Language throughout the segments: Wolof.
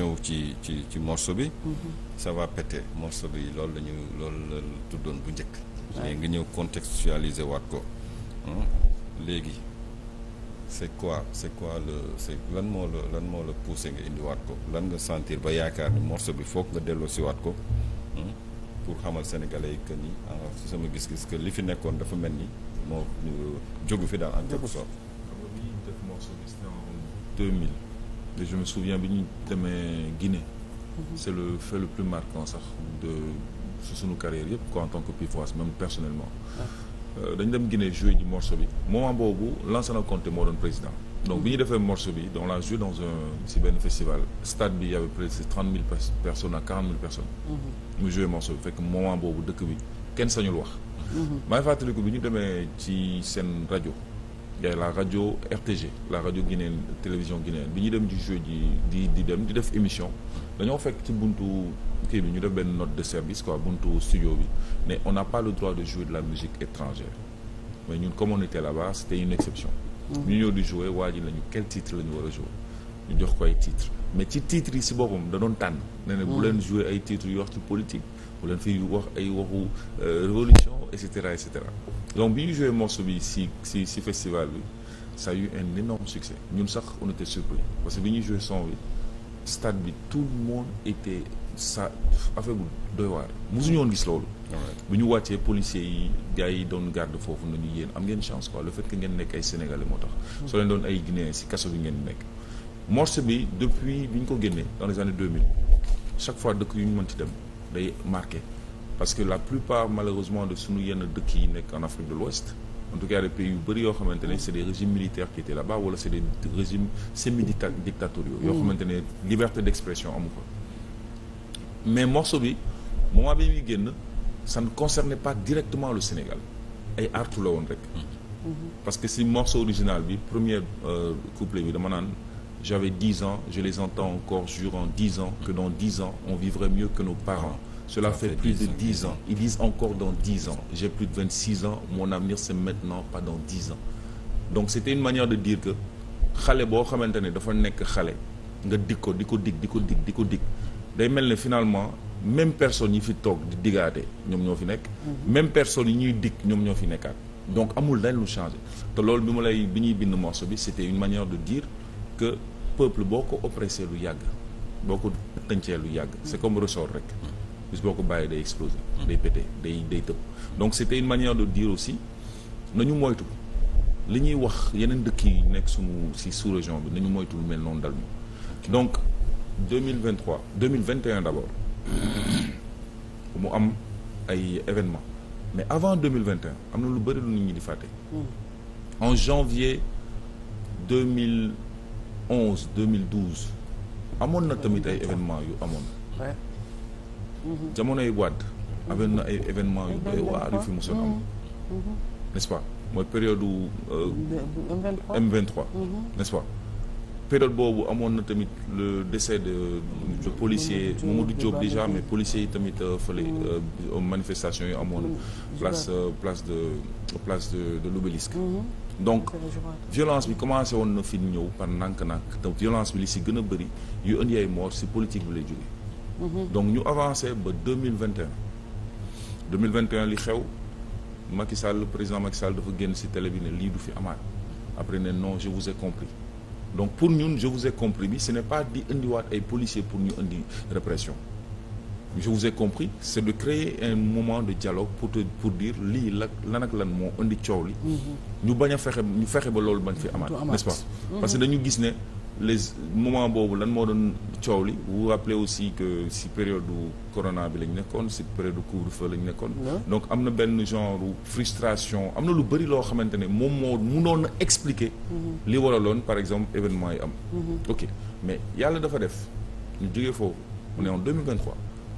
ñëw ci ci ci morceau bi. Mhm. ça va péter bi loolu lañu ñu loolu la tuddoon bu njëkk. mais nga ñëw contextualiser waat ko léegi c'est quoi c'est quoi le lan moo la lan moo la poussé nga indiwaat ko lan nga sentir ba yaakaar ni morso bi foog nga waat ko pour xamal sénégalais yi que ni ah, si sama gis-gis que li fi nekkoon dafa mel ni moo jógu fi daal en quelque sorte. et je me souviens bi ñu demee Guinée. Mhm. c'est le fait le plus marquant sax de su sunu carrière yëpp quoi en tant que pivoise même personnellement. Euh, dañ dem Guinée joué ji morceau bi moment boobu na Conté moo doon président. donc bi ñu mhm. defee morceau bi on l'a joué dans un si benn festival stade bi y avait près de trente mille personnes à quarante mille personnes. Mhm. mu joué morceau bi fekk moment boobu dëkk bi kenn sañul wax. maay fàttaliku bi ñu demee ci seen rajo. y la radio RTG la radio guinéenne télévision guinéenne bi ñu dem di ji di di dem di def émission dañoo fekk ci buntu kii bi ñu def benn note de service quoi buntu studio bi mais on n'a pas le droit de jouer de la musique étrangère mais ñu comme on était là-bas c'était une exception mm-hmm. ñu ñëw di jouer waa ji lañu quel titre lañu ñu war a jouer ñu jox ko ay titre mais ci titres yi si boppam da doon tànn ne ne bu mm-hmm. leen jouer ay titres yu wax ci politique bu leen fi wax ay waxu euh, révolution et cetera et cetera donc bi ñu joué morceau bi si si si festival bi ça a eu un énorme succès ñun sax on était surpris parce que bi ñuy joué son bi stade bi tout le était sa affaire bu doy waar mosuñu woon gis loolu bu ñu wàccee policiers yi gaa yi doon garde foofu nañu yéen am ngeen chance quoi le fait que ngeen nekk ay sénégalais moo tax mm. soo leen doon ay guinéens si kaso bi ngeen nekk morceau bi depuis bi ñu ko génnee dans les années 2000 chaque fois dëkk yu ñu ci dem day marqué parce que la plupart malheureusement de sunu yenn dëkk yi nekk Afrique de l'Ouest en tout cas des pays yu bëri yoo xamante ne c'est des régimes militaires qui étaient là-bas wala c'est des régimes semi-dictatoriaux yoo xamante ne liberté d'expression amu ko mais morceau bi moment bi muy génn ça ne directement le Sénégal ay artu la mm-hmm. que si morceau original bi premier euh, couplet bi dama naan j'avais dix ans je les entends encore jurant dix ans que dans dix ans on vivrait mieux que nos parents Cela fait, fait plus de dix ans. Ils disent encore dans dix ans. J'ai plus de vingt-six ans, mon avenir c'est maintenant, pas dans dix ans. Donc c'était une manière de dire que xale boo xamante ne dafa nekk xale nga dig ko di ko dig di ko dig di ko dig day mel ne finalement même personne yi fi toog di digaate ñoom ñoo fi nekk mhm. même personne yi ñuy dig ñoom ñoo fi nekkaat donc amul dañ lu changé te loolu bi ma lay bi ñuy bind morceau bi c'était une manière de dire que peuple boo ko oppressé lu yàgg boo ko tëncee lu yàgg c'est comme rek bis boo ko bàyyi day exploser day pété day tëb donc c'était une manière de dire aussi nañu moytu li ñuy wax yeneen dëkk yi nekk suñu si sous région bi nañu moytu lu mel noonu dal ñu donc 2023 2021 d'abord mu am ay événements mais avant 2021 am na lu bëri lu nit ñi di fàtte mm. en janvier 2011 2012 amoon na tamit ay événements yu amoon jamonoy Wade amoon na ay événement yu doy waar yu fi mosoon am n'est-ce pas mooy période u euh, M23 mhm. n'est-ce pas période boobu amoon na tamit le décès de de policier Mamadou Diop déjà mais policier tamit euh, fële mhm. euh, manifestation yu amoon place place de place de de l'obélisque mhm. donc violence bi commencé woon na fi ñëw par nànk-nànk donc violence bi li si gën a bëri yu indi ay mort si politique bi lay jógee Mhm. donc ñu avancé ba deux mille vingt et mille vingt et li xew Macky Sall le président Macky Sall dafa génn si télé bi ne lii du fi amaat après ne non je vous ai compris donc pour ñun je vous ai compris bi ce n'est pas di indiwaat ay policiers pour ñu indi répression je vous ai compris c'est de créer un moment de dialogue pour te pour dire lii la lan ak lan moo indi coow li mhm. ñu baña fexe ñu fexe ba loolu bañ fi amaat n'est-ce pas mhm. parce dañu gis ne les moment boobu lan moo doon coow li vous rappelez aussi que si période du corona bi lañ nekkoon si période du couvre-feu lañ nekkoon. donc am na benn genre frustration am na lu bëri loo xamante ne moom moo mënoon a expliquer. Mhm. li loon par exemple événement yi am. Mhm. ok mais yàlla dafa def ñu jógee foofu mu ne en 2023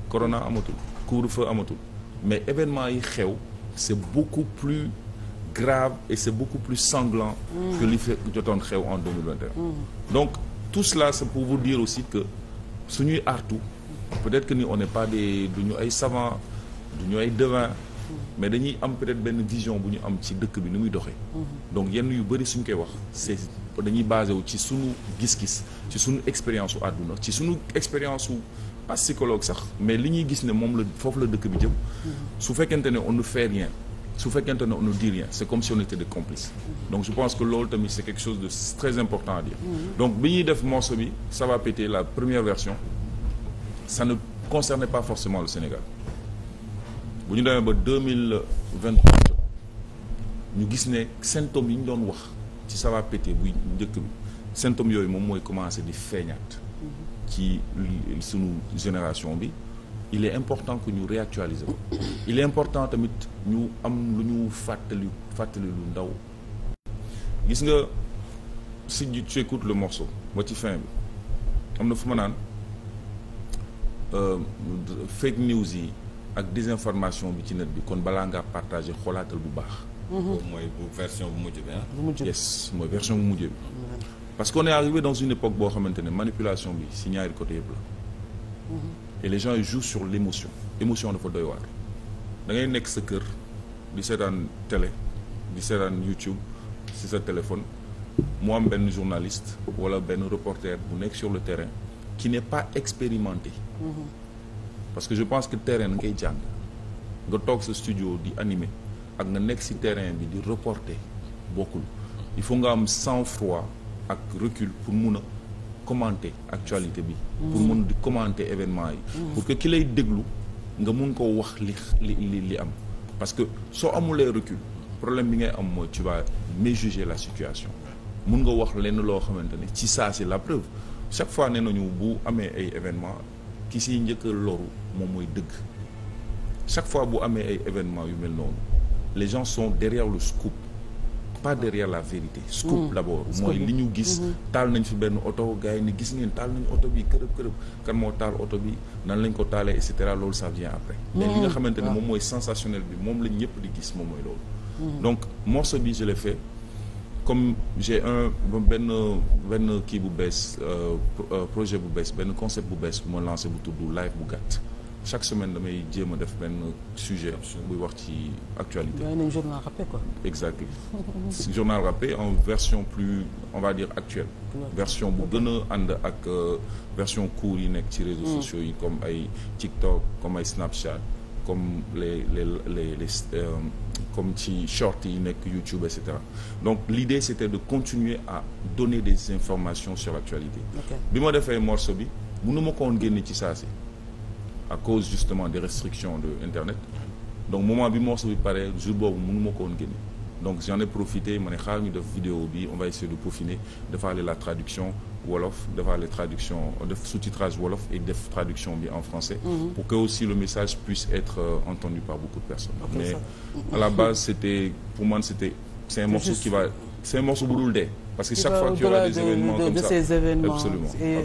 corona amatul couvre-feu amatul mais événement yi xew c'est beaucoup plus. grave et c'est beaucoup plus sanglant mm. que li fi jotoon xew en 2021 mmh. donc tout cela c'est pour vous dire aussi que suñuy artu peut-être que ni on n'est pas des du ñu ay savants du ñu ay devins mm. mais dañuy am peut benn vision bu ñu am ci dëkk bi ni muy doxee mm-hmm. donc yenn yu bëri suñ koy wax c'est dañuy basé wu ci suñu gis-gis ci suñu expérience adduna ci suñu expérience wu pas psychologue sax mais li ñuy gis ne moom la foofu la dëkk bi jëm mm-hmm. su fekkente ne on ne fait rien su fekkente ne on ne dit rien c'est comme si on était des complices donc je pense que loolu tamit c'est quelque chose de très important à dire mm-hmm. donc bi ñuy def morceau bi ça va la première version ça ne concernait pas forcément le Sénégal bu ñu demee ba 2023 ñu gis ne symptômes yi ñu doon wax ci ça va péter njëkk bi symptômes yooyu moom mooy commencer di feeñaat mm-hmm. ci sunu génération bi il est important que ñu réactualiser ko il est important tamit ñu am lu ñu fàttali fàttali lu ndaw gis nga si tu écoutes le morceau ba ci fin bi am na fu ma naan euh, fake news yi ak désinformation bi ci net bi kon balaa ngaa partager xoolaatal bu baax. Mm-hmm. mooy bu version bu mujj bi ah. bu mujj bi mujj mm-hmm. parce que est arrivé dans une époque boo xamante ne manipulation bi si ñaari côté yëpp la. Mm-hmm. et les gens ils jouent sur l'émotion émotion dafa doy waar da ngay nekk sa kër di seetaan télé di seetaan YouTube si sa téléphone mu am benn journaliste wala benn reporter bu nekk sur le terrain ki ne pas expérimenté mhm. parce que je pense que terrain ngay jàng nga toog sa studio di animer ak nga nekk si terrain bi di reporter bokkul il faut nga am sang-froid ak recul pour mun a commenter actualité bi. Mm. pour mun di commenter événement yi. Mm. pour que ki lay déglu nga mun koo wax li li li am parce que soo amulee recul problème bi ngay am mooy tu vas méjuger la situation mun nga wax lenn loo xamante ne ci saa si la preuve chaque fois ne nañu bu amee ay événement ki si njëkk loru moom mooy dëgg chaque fois bu amee ay événement yu mel noonu les gens sont derrière le scoop. pas derrière la vérité. scoop mm. d'abord mooy li ñu gis. Mm-hmm. taal nañ fi benn oto gars yi ni gis ngeen taal nañ oto bi kërëb kërëb kan moo taal oto bi nan lañ ko taalee et cetera loolu ça vient après. Mm-hmm. mais li nga xamante ne moom mooy sensationnel bi moom lañ ñëpp di gis moom mooy loolu. Mm-hmm. donc morceau bi je l'ai fait comme j'ai un benn benn kii bu bees euh, euh, projet bu bees benn concept bu bees bu ma lancé bu tudd live bu gàtt. chaque semaine damay jéem def benn sujet buy wax ci actualité journal râpé quoi exact journal râpé en version plus on va dire actuelle version bu gën a ànd ak euh, version court yi nekk ci réseaux hmm. sociaux yi comme ay TikTok comme ay Snapchat comme les les les les euh, comme ci short yi nekk YouTube et cetera donc l'idée c'était de continuer à donner des informations sur l'actualité bi ma defee morceau bi mënu ma ko woon ci saa si à cause justement des restrictions de internet donc moment bi morceau bi pare jour boobu mënu ma ko woon génne donc j'en ai profité ma ne xaar ñu def vidéo bi on va essayer de peaufiner defaale la traduction wolof defaale traduction def sous-titrage wolof et def traduction bi en français mm-hmm. pour que aussi le message puisse être euh, entendu par beaucoup de personnes okay, mais ça. à la base c'était pour moi c'était c'est un morceau qui va c'est un morceau bu dul dee parce que chaque fois qu'il y aura des événements de, comme de ça ces événements. absolument et...